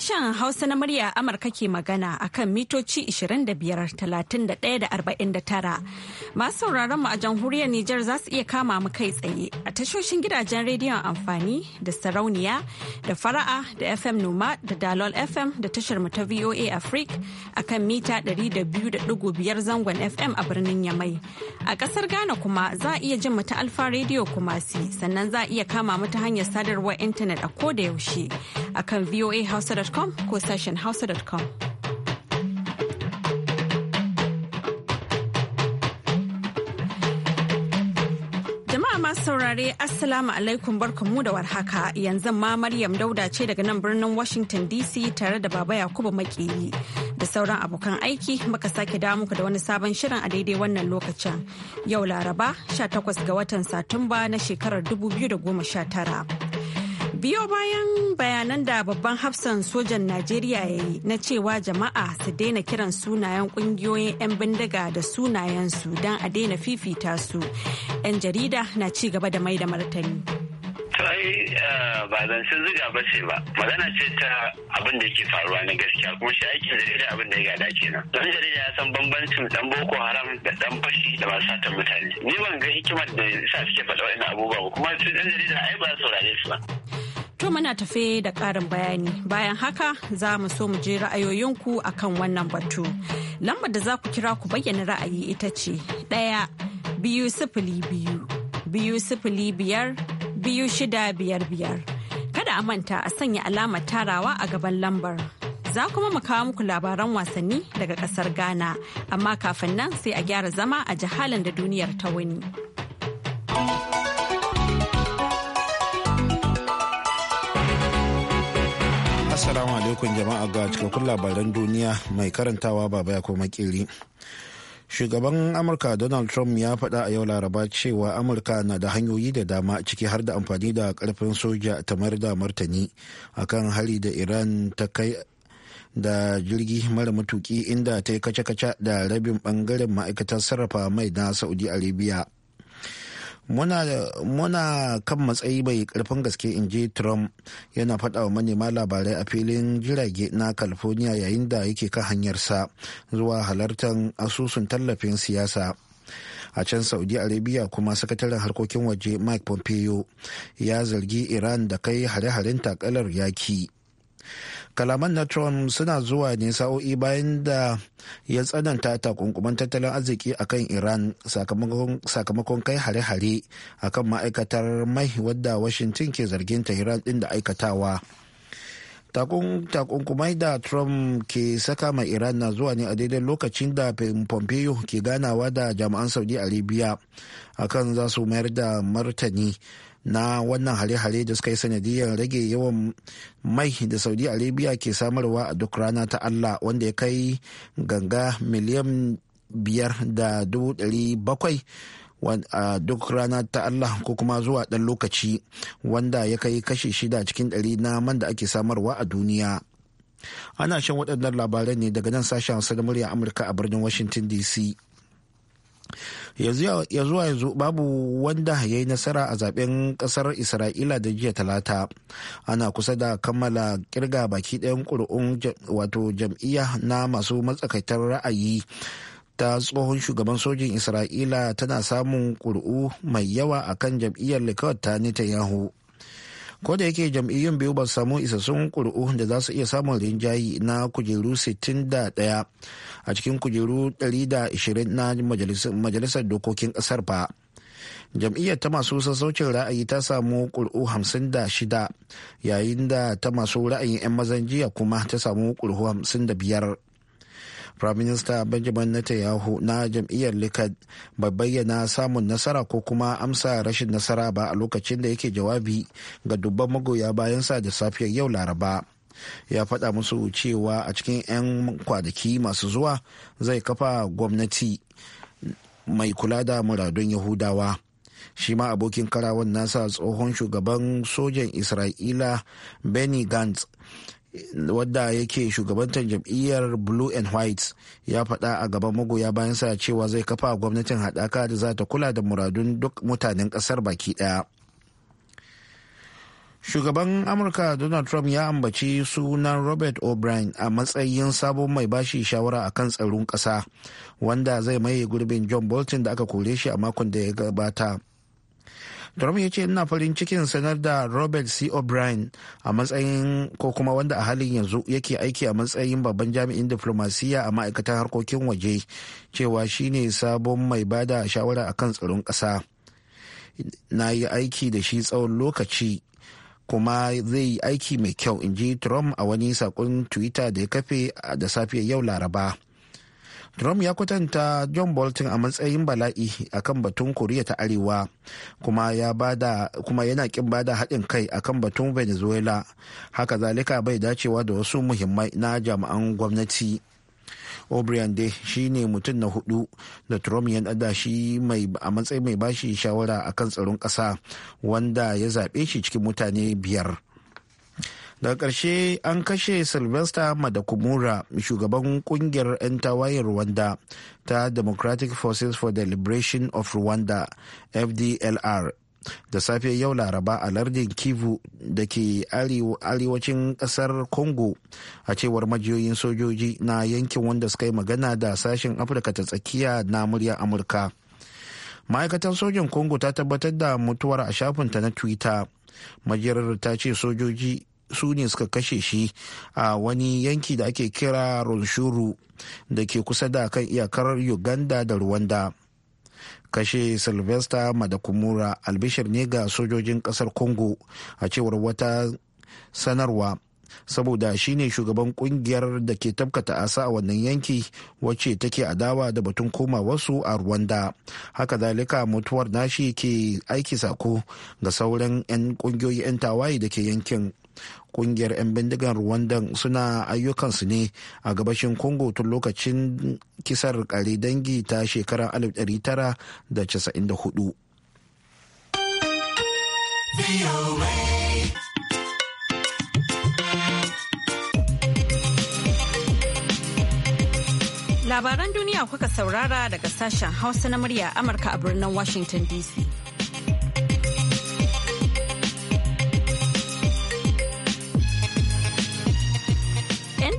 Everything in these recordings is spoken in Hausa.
Sashen Hausa na murya Amurka ke magana a kan mitoci 25-31-49. Masu sauraron mu a jamhuriyar Nijar za su iya kama mu kai tsaye a tashoshin gidajen rediyon amfani da sarauniya da fara'a da FM Noma da Dalol FM da tashar mu ta VOA Africa a kan mita 200.5 zangon FM a birnin Yamai. A kasar Ghana kuma za a iya jin mu ta Alfa Radio Kumasi sannan za a iya kama mu ta hanyar sadarwar intanet a koda yaushe a kan VOA Hausa sbs.com ko sashen hausa.com. Jama'a masu saurare Assalamu alaikum barkanmu da warhaka yanzu ma Maryam Dauda ce daga nan birnin Washington DC tare da Baba Yakubu Makeri da sauran abokan aiki muka sake dawo muku da wani sabon shirin a daidai wannan lokacin. Yau Laraba 18 ga watan Satumba na shekarar 2019. Biyo bayan bayanan da babban hafsan sojan Najeriya ya yi na cewa jama'a su daina kiran sunayen kungiyoyin 'yan bindiga da sunayen su don a daina fifita su. 'Yan jarida na ci gaba da mai da martani. wai eh, ba zancen ziga ba ce ba magana ce ta abin da yake faruwa na gaskiya kuma shi aikin jarida abin da ya gada kenan don jarida ya san bambancin dan boko haram da dan fashi da masu satan mutane ni ban ga hikimar da sa suke faɗa wani abubuwa ba kuma su dan jarida ai ba saurare su ba To muna tafe da ƙarin bayani bayan haka za mu so mu je ra'ayoyinku a kan wannan batu. Lambar da za ku kira ku bayyana ra'ayi ita ce ɗaya biyu sifili biyu biyu sifili biyar biyu shida biyar biyar. Kada a manta a sanya alamar tarawa a gaban lambar. Za kuma mu kawo muku labaran wasanni daga kasar Ghana, amma kafin nan sai a gyara zama a jihalin da duniyar ta wuni. Assalamu alaikum jama'a ga cikakkun labaran duniya mai karantawa baba ya kuma makeri. shugaban amurka donald trump ya faɗa a yau laraba cewa amurka na da hanyoyi da dama ciki har da amfani da karfin soja ta mayar da martani akan hari da iran ta kai da jirgi mara matuki inda ta yi kace-kace da rabin bangaren ma'aikatar sarrafa mai na saudi arabia muna kan matsayi mai karfin gaske in ji trump yana faɗa wa manema labarai a filin jirage na california yayin da yake ka hanyarsa zuwa halartar asusun tallafin siyasa a can saudi arabia kuma sakataren harkokin waje mike pompeo ya zargi iran da kai hare-haren takalar yaki kalaman na trump suna zuwa ne sa'o'i bayan da ya tsananta takunkuman tattalin arziki a kan iran sakamakon kai hare-hare a kan ma'aikatar mai wadda washington ke zargin tehran din da aikatawa takunkumai da trump ke saka mai iran na zuwa ne a daidai lokacin da pompeo ke ganawa da jama'an saudi arabia akan za su mayar da martani na wannan hare-hare da suka yi sanadiyar rage yawan mai da saudi arabia ke samarwa a duk rana ta allah wanda ya kai ganga miliyan biyar da dubu ɗari bakwai a duk rana ta allah ko kuma zuwa ɗan lokaci wanda ya kai kashi shida cikin ɗari na man da ake samarwa a duniya ana shan waɗannan labaran ne daga nan sashen sadar da murya amurka a birnin washington dc ya zuwa yanzu babu wanda ya yi nasara a zaben kasar isra'ila da jiya talata ana kusa da kammala kirga baki ɗayan ƙuri'un wato jam'iyya na masu matsakaitar ra'ayi ta tsohon shugaban sojin isra'ila tana samun ƙuri'u mai yawa akan jam'iyyar likawar ta netanyahu ko da yake jam'iyyun biyu ba samu isassun ƙuri'u da za su iya samun rinjayi na kujeru 61 a cikin kujeru 120 na majalisar dokokin ƙasar ba jam'iyyar ta masu sassaucin ra'ayi ta samu ƙuri'u 56 yayin da ta masu ra'ayin 'yan mazan jiya kuma ta samu ƙuri'u 55 prime minister benjamin netanyahu na jam'iyyar likad bai bayyana samun nasara ko kuma amsa rashin nasara ba a lokacin da yake jawabi ga dubban magoya bayan sa da safiyar yau laraba ya faɗa musu cewa a cikin 'yan kwanaki masu zuwa zai kafa gwamnati mai kula da muradun yahudawa shi ma abokin karawan nasa tsohon shugaban sojan isra'ila benny gantz wadda yake shugabantar jam'iyyar blue and white ya faɗa a gaban magoya bayan sa cewa zai kafa gwamnatin haɗaka da za ta kula da muradun duk mutanen ƙasar baki ɗaya shugaban amurka donald trump ya ambaci sunan robert o'brien a matsayin sabon mai bashi shawara a kan tsaron ƙasa wanda zai maye gurbin john bolton da aka kore shi a makon da ya gabata Trump ya ce ina farin cikin sanar da Robert C. O'Brien a matsayin ko kuma wanda a halin yanzu yake aiki a matsayin babban jami'in diplomasiyya a ma'aikatan harkokin waje cewa shi ne sabon mai bada shawara a kan tsaron ƙasa. Na yi aiki da shi tsawon lokaci kuma zai yi aiki mai kyau in ji Trump a wani saƙon Twitter da ya kafe da safiyar yau Laraba. Trump ya kwatanta John Bolton a matsayin bala'i akan batun Koriya ta Arewa kuma ya bada kuma yana kin bada haɗin kai akan batun Venezuela. Haka zalika bai dacewa da wasu muhimmai na jami'an gwamnati. O'Brien dai shi ne mutum na hudu da Trump ya nada shi a matsayin mai bashi shawara akan tsaron ƙasa wanda ya zaɓe shi cikin mutane biyar. daga ƙarshe an kashe sylvester madakumura shugaban kungiyar 'yan tawayen rwanda ta democratic forces for the liberation of rwanda fdlr da safe yau laraba a lardin kivu da ke arewacin ƙasar congo a cewar majiyoyin sojoji na yankin wanda suka yi magana da sashen afirka ta tsakiya na murya amurka ma'aikatan sojin congo ta tabbatar da mutuwar a shafinta na twitter majiyar ta ce sojoji su ne suka kashe shi a wani yanki da ake kira runshuru da ke kusa da kan iyakar uganda da rwanda kashe sylvester madakumura albishir ne ga sojojin kasar congo a cewar wata sanarwa saboda shi ne shugaban kungiyar da ke tabkata asa a wannan yanki wacce take adawa da batun koma wasu a rwanda haka zalika mutuwar nashi ke aiki sako ga sauran 'yan kungiyoyi 'yan tawaye da ke yankin kungiyar 'yan bindigan rwandan suna ayyukansu ne a gabashin congo tun lokacin kisar kare dangi ta shekarar 1994 Labaran duniya kuka saurara daga sashen Hausa na murya Amurka a birnin Washington DC.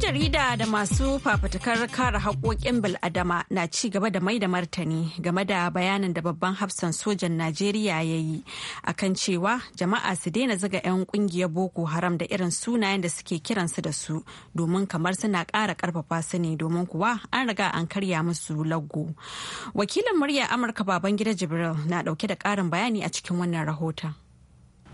jarida da masu fafutukar kare haƙoƙin bil'adama na ci gaba da mai da martani game da bayanin da babban hafsan sojan Najeriya ya yi akan cewa jama'a su daina zaga 'yan ƙungiyar Boko Haram da irin sunayen da suke kiransu da su domin kamar suna ƙara ƙarfafa su ne domin kuwa an riga an karya musu laggo. Wakilin murya Amurka baban gida Jibril na ɗauke da ƙarin bayani a cikin wannan rahoton.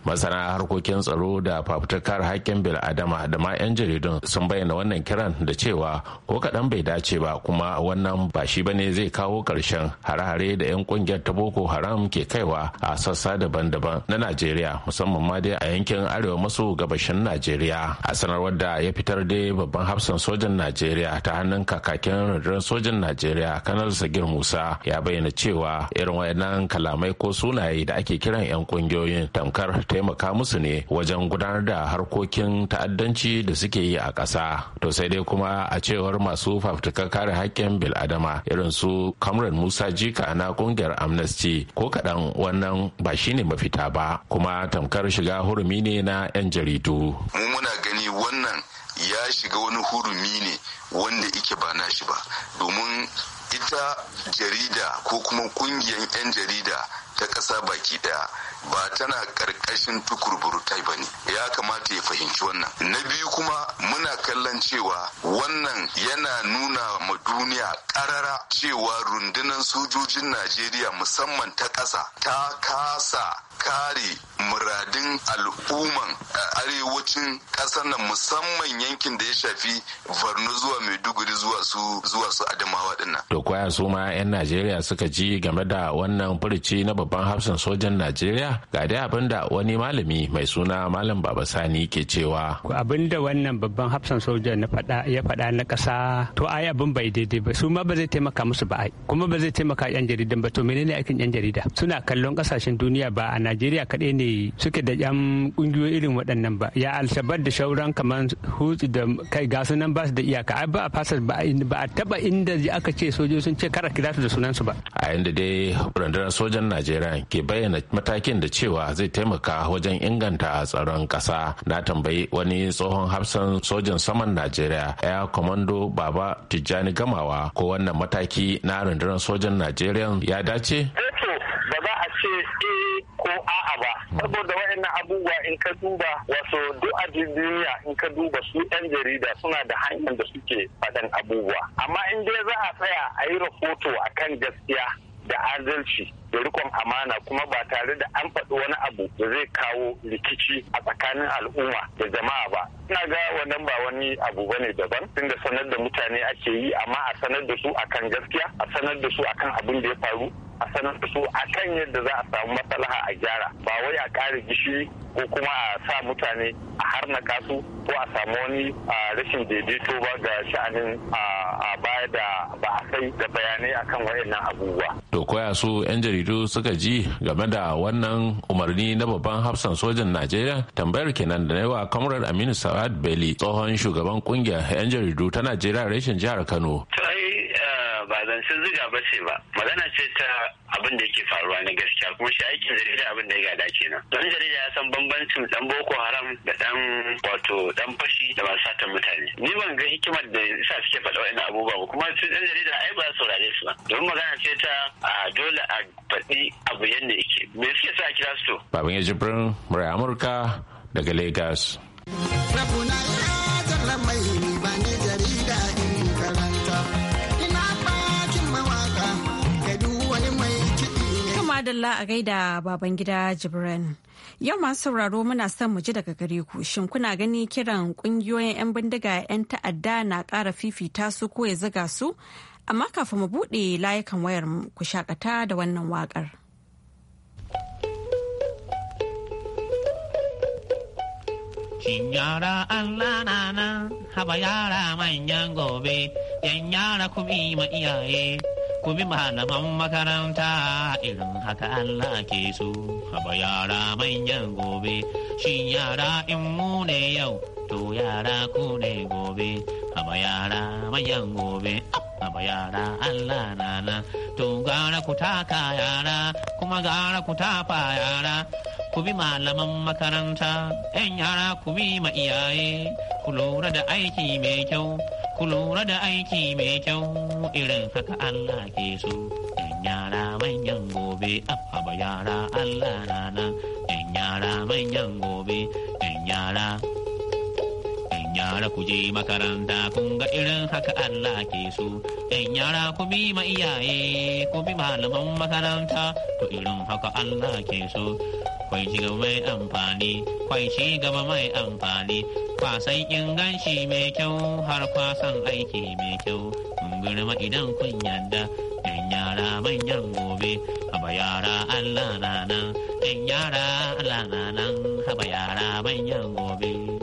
masana harkokin tsaro da fafutukar haƙƙin bil'adama da ma 'yan jaridun sun bayyana wannan kiran da cewa ko kaɗan bai dace ba kuma wannan ba shi ba ne zai kawo ƙarshen hare-hare da 'yan ƙungiyar ta boko haram ke kaiwa a sassa daban-daban na najeriya musamman ma dai a yankin arewa maso gabashin najeriya a sanarwar da ya fitar da babban hafsan sojan najeriya ta hannun kakakin rundunar sojan najeriya kanar sagir musa ya bayyana cewa irin waɗannan kalamai ko sunaye da ake kiran 'yan ƙungiyoyin tamkar taimaka musu ne wajen gudanar da harkokin ta'addanci da suke yi a ƙasa to sai dai kuma a cewar masu fafutukar kare haƙƙin bil'adama irin su kamran musa jika na ƙungiyar amnesty ko kaɗan wannan ba shine mafita ba kuma tamkar shiga hurumi ne na 'yan jaridu mu muna gani wannan ya shiga wani hurumi ne wanda ike ba nashi ba domin ita jarida ko kuma ƙungiyar 'yan jarida ta ƙasa baki ɗaya ba tana ƙarƙashin tai ba ne ya kamata ya fahimci wannan na biyu kuma muna kallon cewa wannan yana nuna ma duniya ƙarara cewa rundunar sojojin najeriya musamman ta ƙasa ta kasa kare muradin al'umman a arewacin ƙasar nan musamman yankin da ya shafi varno zuwa Maiduguri zuwa su zuwa su Adamawa dinnan. To kwaya su ma 'yan Najeriya suka ji game da wannan furici na babban hafsan sojan Najeriya ga dai abin da wani malami mai suna Malam Baba Sani ke cewa. Abin da wannan babban hafsan sojan na fada ya fada na ƙasa to ai abin bai daidai ba su ma ba zai taimaka musu ba ai kuma ba zai taimaka 'yan jaridan ba to menene aikin 'yan jarida suna kallon ƙasashen duniya ba a najeriya kaɗai ne suke da yan ƙungiyoyi irin waɗannan ba ya alshabar da shauran kamar hutu da kai gasu nan ba su da iyaka ba a fasa ba a taba inda aka ce sojoji sun ce kara kira su da sunansu ba a yanda dai rundunar sojan najeriya ke bayyana matakin da cewa zai taimaka wajen inganta tsaron kasa na tambayi wani tsohon hafsan sojan saman najeriya ya kwamando baba tijjani gamawa ko wannan mataki na rundunar sojan najeriya ya dace eh ba za a ce eh, ko a'a ba hmm. saboda wa'annan abubuwa in ka duba wasu duk a duniya in ka duba su yan jarida suna da hanyar da suke faɗan abubuwa amma in dai za a tsaya a yi rahoto a kan gaskiya da adalci da rikon amana kuma ba tare da an faɗi wani abu da zai kawo rikici a tsakanin al'umma da jama'a ba ina ga wannan ba wani abu bane daban da sanar da mutane ake yi amma a sanar da su akan gaskiya a sanar da su akan abin da ya faru a sanar da su a kan yadda za a samu matsalaha a gyara ba wai a kare gishiri ko kuma a sa mutane a harnaka su ko a samu wani rashin daidaito ba ga sha'anin a baya da ba a sai da bayanai akan waɗannan abubuwa. To koya su 'yan jaridu suka ji game da wannan umarni na babban hafsan sojan Najeriya tambayar kenan da wa kamarar Aminu Sa'ad Bello tsohon shugaban kungiyar 'yan jaridu ta Najeriya rashin jihar Kano. ba zancen ziga ba ce ba magana ce ta abin da yake faruwa na gaskiya kuma shi aikin jarida abin da ya gada ke nan don jarida ya san bambancin dan boko haram da dan wato dan fashi da masu satan mutane ni ban ga hikimar da isa suke faɗa wa'in abubuwa ba kuma su dan jarida ai ba saurare su ba don magana ce ta a dole a faɗi abu yadda yake me suke sa a kira su to baban ya jibrin murai amurka daga lagos madalla a gaida baban gida Jibran. Yau masu sauraro muna son mu ji daga gare ku shin kuna gani kiran kungiyoyin 'yan bindiga 'yan ta'adda na ƙara fifita su ko ya ziga su? Amma kafin mu buɗe layukan wayar ku shakata da wannan waƙar. Shin yara Allah na nan, haba yara manyan gobe, yan yara ku ma iyaye. ku bi malaman makaranta irin haka Allah ke so, haba yara manyan gobe, shi yara in mu ne yau, to yara ku ne gobe, haba yara manyan gobe. Haba yara Allah nana, to gara ku taka yara, kuma gara ku tafa yara, ku bi malaman makaranta, ‘yan yara ku bi ma iyaye, ku lura da aiki mai kyau. ku lura da aiki mai kyau irin haka Allah ke so. ‘Yan yara manyan gobe, abba yara Allah rana, ‘yan yara manyan gobe, ‘yan yara. yara ku je makaranta kun ga irin haka Allah ke so. ‘Yan yara ku bi ma iyaye ku bi malaman makaranta to irin haka Allah ke so. kwai ci gaba mai amfani kwai ci gaba mai amfani kwasan inganci mai kyau har kwasan aiki mai kyau kun girma idan kun yarda yan yara manyan gobe haba yara allah na nan yan yara allah na nan haba yara manyan gobe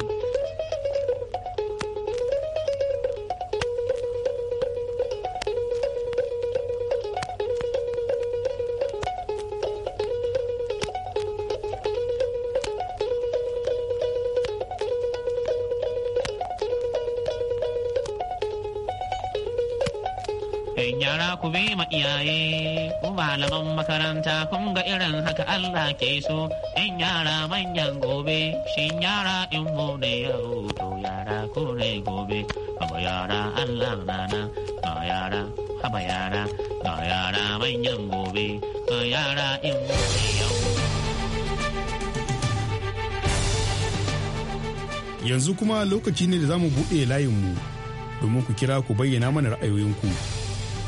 ku bi ma iyaye ku malaman makaranta kun ga irin haka Allah ke so in yara manyan gobe shin yara in mu ne yau to yara ku ne gobe haba yara Allah nana ga yara haba yara ga yara manyan gobe ga yara in mu ne yau yanzu kuma lokaci ne da za mu buɗe layinmu domin ku kira ku bayyana mana ra'ayoyinku.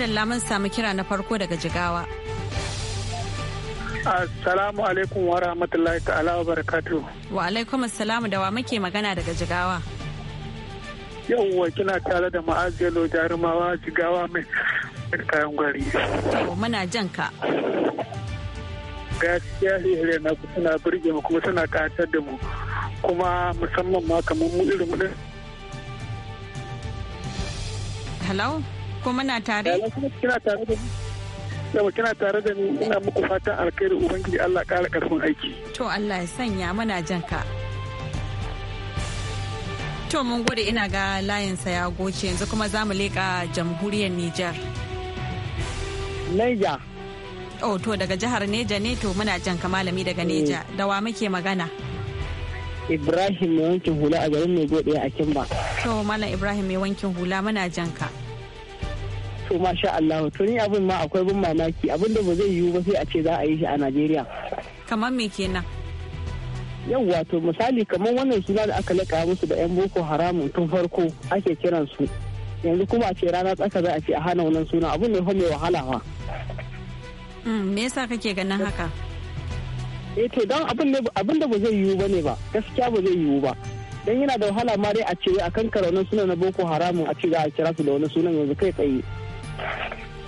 madalla mun samu kira na farko daga jigawa. Assalamu alaikum wa rahmatullahi ta'ala wa barakatu. Wa alaikum assalamu da wa muke magana daga jigawa. Yauwa kina tare da ma'aziyalo jarumawa jigawa mai kayan gwari. Muna jan ka. Gaskiya hihire na suna burge mu kuma suna katar da mu kuma musamman ma kamar mu irin mu Hello? ko muna tare kina tare da ni kina tare da ni ina muku fatan alkhairi ubangiji Allah ƙara karfin aiki to Allah ya sanya muna jan ka to mun gode ina ga layinsa ya goce yanzu kuma za mu leƙa jamhuriyar Nijar. Niger. Oh to daga jihar Neja ne to muna jan malami daga Neja mm. da wa muke magana. Ibrahim mai wankin hula a garin mai gode a Kimba. To mana Ibrahim mai wankin hula muna jan ka. to masha Allah to ni abin ma akwai bin mamaki abin da ba zai yiwu ba sai a ce za a yi shi a Najeriya kamar me kenan yau to misali kamar wannan suna da aka laƙa musu da yan boko haramun tun farko ake kiran su yanzu kuma a ce rana tsaka za a ce a hana wannan suna abin ne fa mai wahala ba. Mm, me yasa kake ganin haka eh to don abin da ba zai yiwu ba ne ba gaskiya ba zai yiwu ba dan yana da wahala ma dai a ce a kan karaunan suna na boko haramun a ce za a kira su da wani sunan yanzu kai tsaye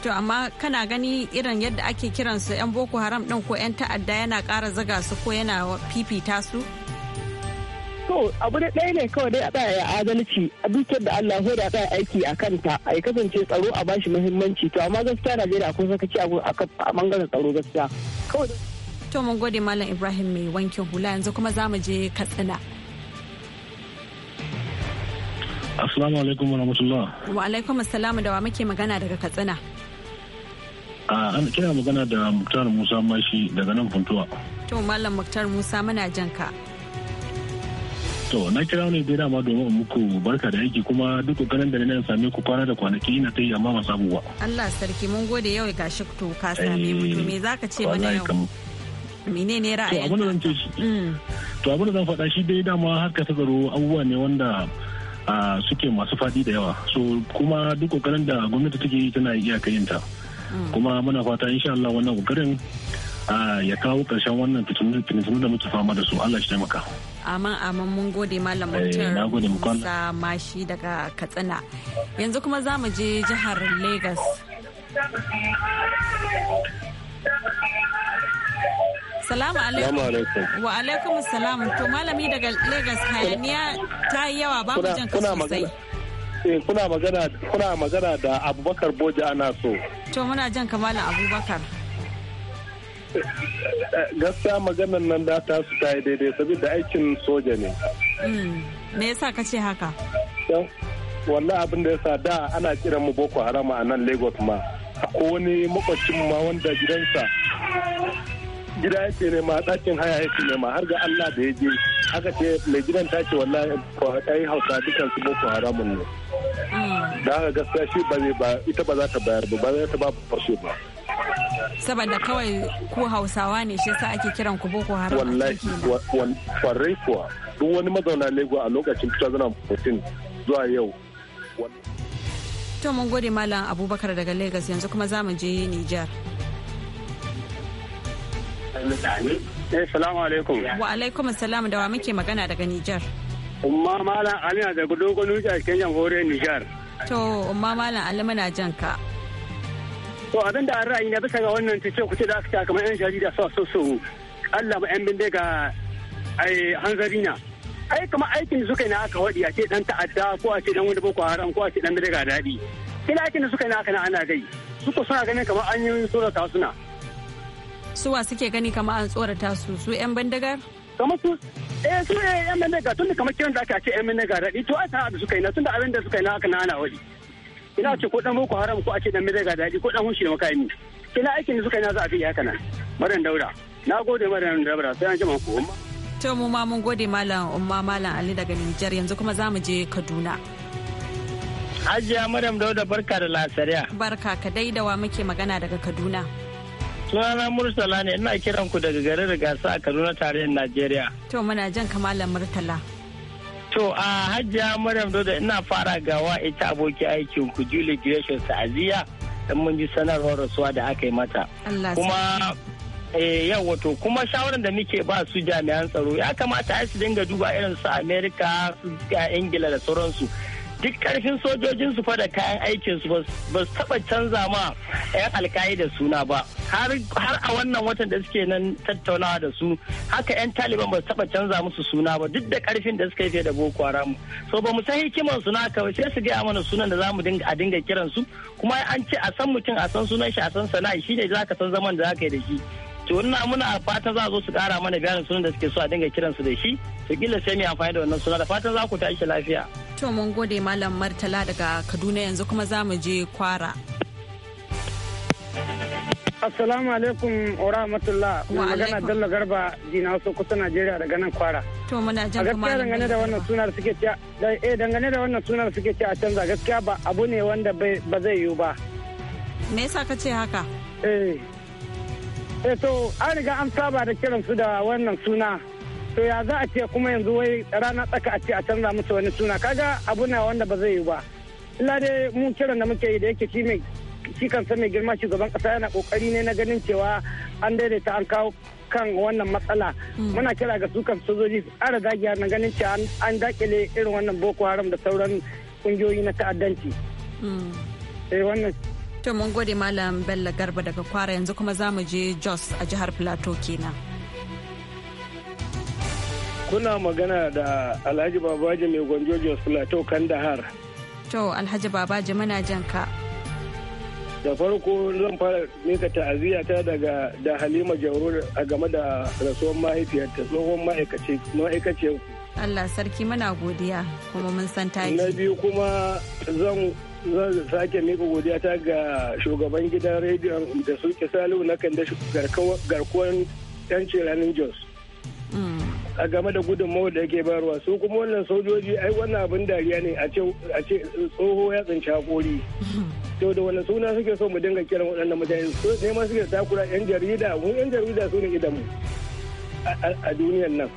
to amma kana gani irin yadda ake kiransu 'yan boko haram ɗin ko 'yan ta'adda yana ƙara zaga su ko yana fifita su to abu da ɗaya ne kawai dai a tsaya adalci a dukiyar da Allah ko da tsaya aiki a kanta a kasance tsaro a bashi muhimmanci to amma gaskiya Najeriya ci abu a bangaren tsaro gaskiya kawai to mun gode malam Ibrahim mai wankin hula yanzu kuma zamu je Katsina Assalamu alaikum wa rahmatullah. Wa alaikum assalamu da wa muke magana daga Katsina. an kina magana da muktar musa mashi daga nan funtuwa to mallam muktar musa muna jan ka to na kira ne dai dama domin muku barka da aiki kuma duk ganin da na same ku kwana da kwanaki ina ta yi amma ba samu ba Allah sarki mun gode yau ga shi to ka same mu eh, to me zaka ce mana yau menene ra'ayin to abin da zan mm. to abin da zan faɗa shi dai dama haka ta tsaro abubuwa ne wanda suke masu faɗi da yawa so kuma duk kokarin da gwamnati take yi tana yin ta kuma muna fata insha Allah wannan kokarin ya kawo karshen wannan fitinu da muke fama da su Allah shi taimaka aman aman mun gode malam eh, mutum musa mashi daga katsina yanzu kuma za mu je jihar lagos salamu alaikum wa alaikum salam to malami daga lagos hayaniya ta yi yawa babu jan kasu sosai Eh, kuna magana da Abubakar Boja ana so. To muna jan kamalan Abubakar. Gaskiya maganan nan da ta su ta yi daidai saboda aikin soja ne. Hmm, me yasa ka ce haka? wanne abin da yasa da ana kiran mu Boko Haram a nan Lagos ma. Ko wani makwacin ma wanda gidansa gida yake nema ɗakin haya yake nema har ga Allah da ya je haka ce mai gidan ta ce wallahi yi hausa dukan su boko haramun ne hmm. da haka gaskiya shi ba ba ita ba za ta bayar ba ba za ta ba fashe ba saboda kawai ku hausawa ne shi yasa ake kiran ku boko haram wallahi kwarai kuwa duk wani mazauna lego a lokacin 2014 zuwa yau to mun gode malam abubakar daga lagos yanzu kuma za mu je nijar. mutane. Eh, salamu alaikum. Wa alaikum salam da wa muke magana daga Nijar. Umma Malam Amina daga Dogon Nuja cikin jamhuriyar Nijar. To, Umma Malam Ali muna jan ka. To, abin da ra'ayi na bisa ga wannan tace kuce da aka kamar yan jarida sa so so. Allah mu yan bindiga ai hanzarina. ai kamar aikin da suka yi na aka waɗi a ce dan ta'adda ko a ce dan wani boko haram ko a ce dan daga daɗi ina aikin da suka yi na aka na ana gai suka suna ganin kamar an yi sura ta suna su wa suke gani kamar an tsorata su su 'yan bandagar? kamar su eh su ne yan bandagar tun da kamar kiran da aka ce yan bandagar daɗi to a sa da suka yi na tun da abin da suka yi na aka nana wadi ina ce ko dan boko haram ko a ce dan bandagar daɗi ko dan hunshi da makami ina aikin da suka yi na za a fi haka nan maran daura na gode maran daura sai an jima ku umma to mu ma mun gode malam umma malam ali daga Nijar yanzu kuma za mu je Kaduna Hajiya Maryam Dauda barka da lasariya. Barka ka dai da wa muke magana daga Kaduna. sunana murtala ne ina kiran ku daga garin gasa a kaduna tarayyar najeriya to muna jan kamala murtala to a hajjiya maryam dodo ina fara gawa ita aboki aikin ku julie gresham ta'aziyya dan mun ji sanarwar rasuwa da aka yi mata kuma eh, yau wato kuma shawarar da muke ba su jami'an tsaro ya kamata a su dinga duba irin su amerika su ingila da sauransu duk karfin sojojin su fa da kayan aikin su ba su taba canza ma yan da suna ba har a wannan watan da suke nan tattaunawa da su haka yan taliban ba su taba canza musu suna ba duk da karfin da suka yi da boko haram so ba mu san hikiman suna kawai sai su gaya mana sunan da zamu dinga a dinga kiran su kuma an ce a san mutum a san sunan shi a san sana'a shine zaka san zaman da zaka yi da shi to ina muna fatan za a zo su kara mana bayanin sunan da suke so a dinga kiran su da shi to kila sai mu amfani da wannan suna da fatan za ku tashi lafiya to mun gode malam martala daga kaduna yanzu kuma za mu je kwara assalamu alaikum wa rahmatullah wa magana dalla garba jina wasu kusa najeriya daga nan kwara to muna jan kuma gaskiya dangane da wannan sunar suke ci eh dangane da wannan sunar suke ci a canza gaskiya ba abu ne wanda ba zai yiwu ba me yasa ka ce haka eh eh to an riga an saba da kiransu da wannan suna to ya za a ce kuma yanzu wai rana tsaka a ce a canza musu wani suna kaga abu na wanda ba zai yi ba illa dai mu kiran da muke yi da yake shi mai shi mai girma shugaban kasa yana kokari ne na ganin cewa an daidaita an kawo kan wannan matsala hmm. muna kira ga su sojoji ara zagiya na ganin cewa an dakile irin wannan boko haram da sauran kungiyoyi na ta'addanci hmm. eh wannan To mun gode Malam Bello Garba daga Kwara yanzu kuma za mu je Jos a jihar Plateau kenan. Kuna magana da Alhaji Babaji mai gwanjo Jos Plateau Kandahar. To Alhaji Babaji muna jan Da farko zan fara mika ta'aziyya ta daga da Halima Jauro a game da rasuwar mahaifiyarta tsohon ma'aikaciyar. Allah sarki muna godiya kuma mun san taki. Na biyu kuma zan zan sake mika godiya ta ga shugaban gidan rediyon da suke salu na kan da garkuwan yanci ranar jos mm. a game da gudunmawa da yake barwa su kuma wannan sojoji ai wannan abin dariya ne a ce tsoho ya tsinci hakori to da wani suna suke so mu dinga kiran waɗannan mutane su ne ma suke takura yan jarida wani yan jarida su ne idanmu a duniyan nan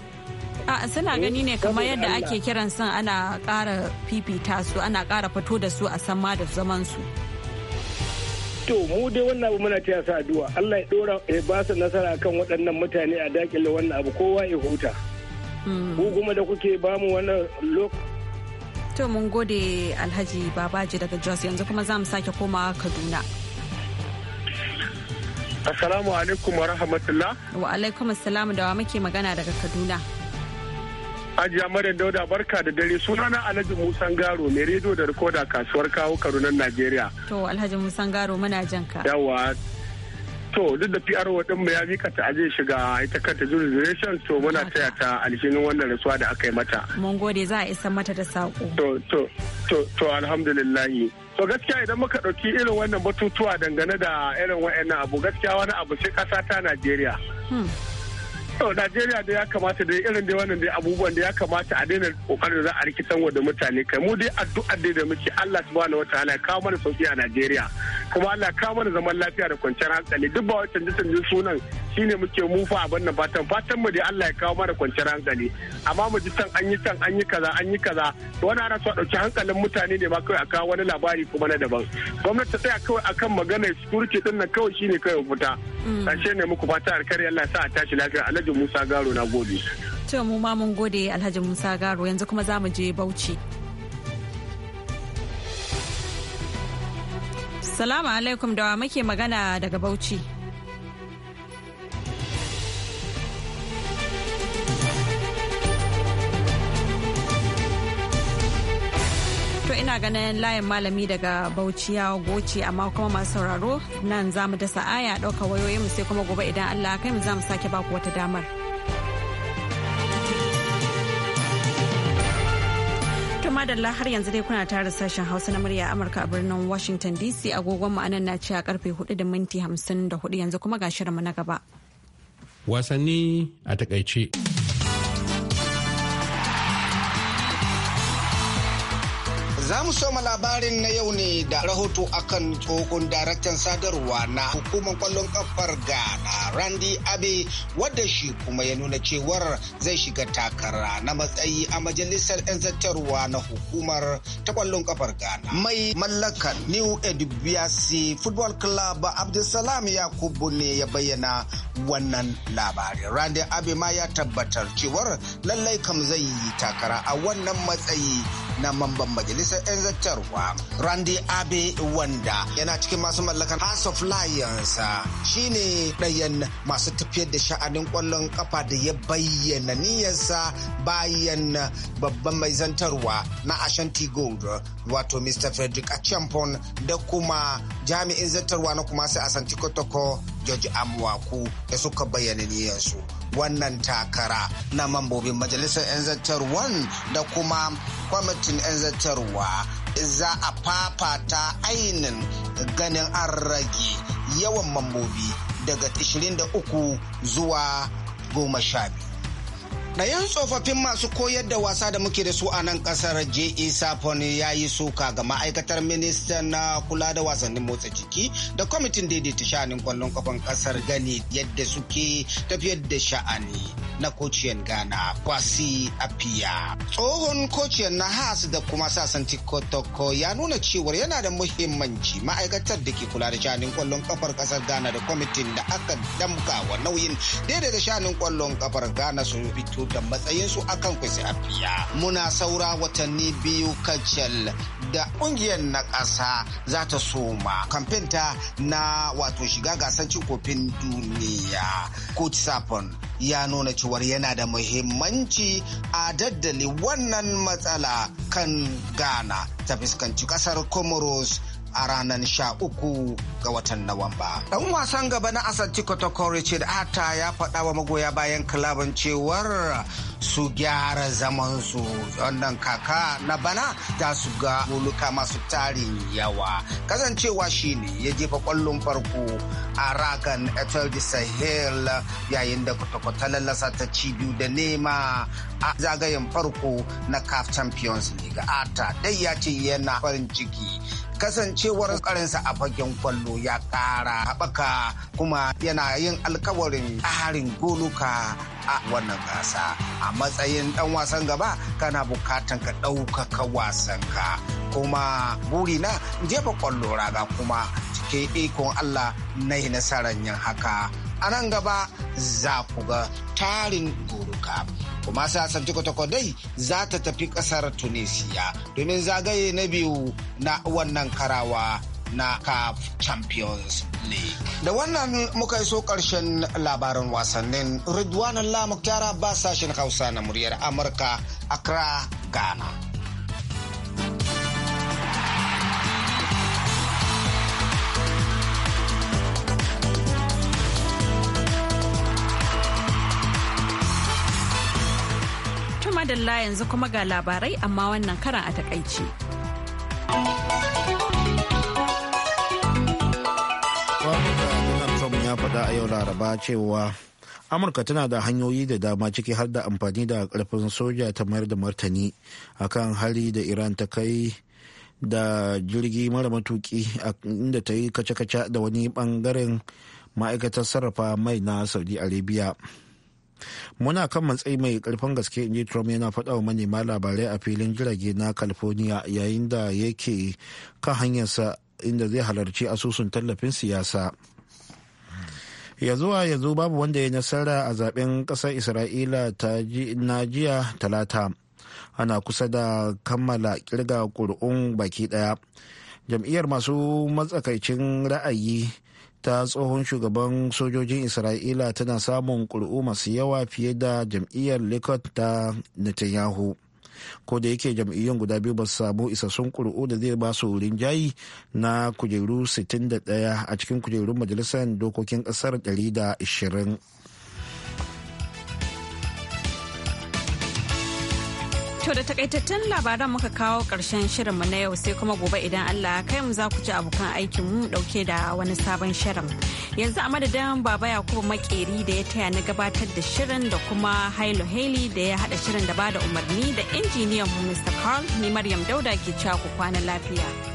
suna eh, gani ne kamar yadda ake kiran son ana ƙara fifita su ana ƙara fito da su a san ma da zaman su to mu dai wannan abu muna cewa sa Allah ya dora ya ba su nasara kan waɗannan mutane a dakile wannan abu kowa ya huta hmm. ku kuma da kuke ba mu wannan lokaci to mun gode alhaji babaji daga jos yanzu kuma za mu sake komawa kaduna assalamu alaikum wa rahmatullah wa alaikum salam da wa muke magana daga kaduna Ajiya Maryam Dauda barka da dare sunana Alhaji Musan Garo mai rediyo da rikoda kasuwar kawo Karunan, Najeriya. To Alhaji Musan Garo muna jan ka. Yawa to duk da PRO din mu ya mika ta aje shiga ita kanta jurisdiction to muna taya ta alhinin wannan rasuwa da aka yi mata. Mun gode za a isa mata da sako. To to to to alhamdulillahi. to gaskiya idan muka ɗauki irin wannan batutuwa dangane da irin wa'annan abu gaskiya wani abu sai kasa ta Najeriya. Hmm. To Najeriya da ya kamata da irin da wannan da abubuwan da ya kamata a daina kokarin za a riki wa da mutane kai mu dai addu'ar dai da muke Allah subhanahu wataala ya kawo mana sauki a Najeriya kuma Allah kawo mana zaman lafiya da kwanciyar hankali duk ba wata canje sunan shine muke fa a bannan fatan fatan mu dai Allah ya kawo mana kwanciyar hankali amma mu ji san an yi san an yi kaza an yi kaza to wani ana so a dauki hankalin mutane ne ma kawai a kawo wani labari kuma na daban gwamnati ta tsaya kawai akan maganar security din nan kawai shine kawai fita Ƙarshe ne muku fata alkari Allah sa a tashi lafiya Alhaji Musa Garo na gode. To mu ma mun gode Alhaji Musa Garo yanzu kuma za mu je Bauchi. Salamu alaikum da muke magana daga Bauchi. ina ganin layin malami daga Bauchi ya goce amma kuma masu sauraro nan za mu dasa aya ɗauka wayoyinmu sai kuma gobe idan Allah kai mu za mu sake baku wata damar. madalla har yanzu dai kuna tare sashen hausa na murya amurka a birnin washington dc agogon mu anan na ci a karfe 4 da minti 54 yanzu kuma ga shirinmu na gaba wasanni a takaice Za mu soma labarin na yau ne da rahoto akan tsohon daraktan sadarwa na hukumar kwallon kafar Ghana Randy Abe wadda shi kuma ya nuna cewar zai shiga takara na matsayi a majalisar 'yan zartarwa na hukumar ta kwallon kafar Ghana. Mai mallakar New Edibiasi Football Club Abdulsalam Yakubu ne ya bayyana wannan labarin. Randy Abe ma ya tabbatar cewar lallai kam zai yi takara a wannan matsayi na mamban majalisar 'yan zartarwa randy abe wanda yana cikin masu mallakar house of lions shine ɗayan masu tafiyar da sha'anin ƙwallon kafa da ya bayyana niyyarsa bayan babban mai zantarwa na ashanti gold wato mr frederick achampon da kuma jami'in zartarwa na kuma sai asanti kotoko george amwaku da suka bayyana niyyarsu wannan takara na mambobin majalisar 'yan zartarwan da kuma kwamitin 'yan zartarwa za a fafata ainin ganin an rage yawan mambobi daga 23 zuwa 12. Ɗayan tsofaffin masu koyar da wasa da muke da su a nan ƙasar J.E. Safon ya yi suka ga ma'aikatar minista na kula da wasannin motsa jiki da kwamitin daidaita sha'anin kwallon kafan ƙasar gani yadda suke tafiyar da sha'ani na kociyar Ghana Kwasi Apia. Tsohon kociyan na has da kuma sasan Tikotoko ya nuna cewar yana da muhimmanci ma'aikatar da ke kula da sha'anin kwallon kafar ƙasar Ghana da kwamitin da aka damka wa nauyin daidaita sha'anin kwallon kafar Ghana su fito su da matsayinsu akan ku afiya muna saura watanni biyu kacal da kungiyar na ƙasa za ta soma kamfinta na wato shiga gasar cin kofin duniya coach sapon ya nuna cewar yana da muhimmanci a daddale wannan matsala kan ghana ta fuskanci ƙasar comoros a ranar sha uku ga watan nawamba Dan wasan gaba na Asante Kotoko Richard Ata ya faɗa wa magoya bayan kalaban cewar su gyara zamansu wannan kaka na bana za su ga muluka masu tarin yawa. Kasancewa shine ya jefa kwallon farko a ragan Etel de Sahel yayin da Kotoko ta lallasa ta ci biyu da nema a zagayen farko na CAF Champions League. Ata dai ya ce yana farin ciki kasancewar karinsa a fagen kwallo ya kara haɓaka kuma yana yin alkawarin ƙarin goluka a wannan gasa a matsayin ɗan wasan gaba kana bukatan ka ɗaukaka wasan ka. kuma buri na jefa kwallo raga kuma cike ikon Allah na yi nasarar yin haka a nan gaba za ku ga tarin goruka. kuma sa kwatakwa dai za ta tafi kasar tunisia domin zagaye na biyu na wannan karawa na CAF Champions League. Da wannan muka iso ƙarshen labaran wasannin Ridwan Allah Muktara ba sashen Hausa na muryar Amurka, Accra, Ghana. madalla yanzu kuma ga labarai amma wannan karan a takaici. Donald ya faɗa a yau laraba cewa amurka tana da hanyoyi da dama ciki har da amfani da karfin soja ta mayar da martani akan hali da iran ta kai da jirgi mara matuki inda ta yi kace-kace da wani bangaren ma'aikatar sarrafa mai na saudi arabia muna kan matsayi mai karfin gaske inji trump yana faɗa wa manema labarai a filin jirage na california yayin da yake kan hanyarsa inda zai halarci asusun tallafin siyasa ya zuwa yanzu babu wanda ya nasara a zaben ƙasar isra'ila na jiya talata ana kusa da kammala kirga ƙuri'un baki ɗaya jam'iyyar masu matsakaicin ra'ayi ta tsohon shugaban sojojin isra'ila tana samun ƙuri'u masu yawa fiye da jam'iyyar likod ta netanyahu ko da yake jam'iyyun guda biyu ba su samu isassun ƙuri'u da zai ba su jayi na kujeru 61 a cikin kujerun majalisar dokokin ƙasar 120 To da takaitattun labaran muka kawo ƙarshen shirinmu na yau sai kuma gobe idan Allah kai mu za ku ci abokan aikin mu dauke da wani sabon shirin. Yanzu a madadin Baba Yakubu Makeri da ya taya na gabatar da shirin da kuma Hailo Haley da ya haɗa shirin da ba da umarni da injiniyan mu Mr. Carl ni Maryam Dauda ke cewa ku kwana lafiya.